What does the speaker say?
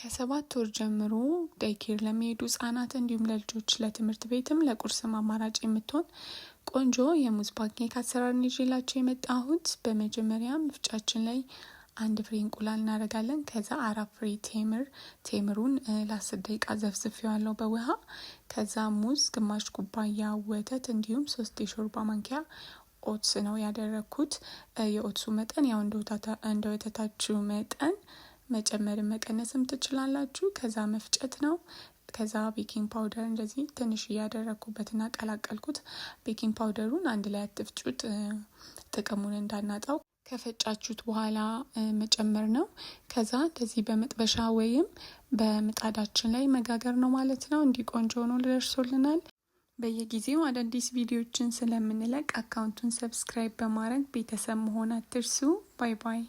ከሰባት ወር ጀምሮ ዴይኬር ለሚሄዱ ህጻናት እንዲሁም ለልጆች ለትምህርት ቤትም ለቁርስም አማራጭ የምትሆን ቆንጆ የሙዝ ፓንኬክ አሰራር ይዤላቸው የመጣሁት። በመጀመሪያ ምፍጫችን ላይ አንድ ፍሬ እንቁላል እናደርጋለን። ከዛ አራት ፍሬ ቴምር፣ ቴምሩን ለአስር ደቂቃ ዘፍዝፌዋለሁ በውሃ። ከዛ ሙዝ፣ ግማሽ ኩባያ ወተት እንዲሁም ሶስት የሾርባ ማንኪያ ኦትስ ነው ያደረግኩት። የኦትሱ መጠን ያው እንደ ወተታችሁ መጠን መጨመርን መቀነስም ትችላላችሁ። ከዛ መፍጨት ነው። ከዛ ቤኪንግ ፓውደር እንደዚህ ትንሽ እያደረግኩበትና ቀላቀልኩት። ቤኪንግ ፓውደሩን አንድ ላይ አትፍጩት፣ ጥቅሙን እንዳናጣው። ከፈጫችሁት በኋላ መጨመር ነው። ከዛ እንደዚህ በመጥበሻ ወይም በምጣዳችን ላይ መጋገር ነው ማለት ነው። እንዲህ ቆንጆ ሆኖ ደርሶልናል። በየጊዜው አዳዲስ ቪዲዮችን ስለምንለቅ አካውንቱን ሰብስክራይብ በማድረግ ቤተሰብ መሆን አትርሱ። ባይ ባይ።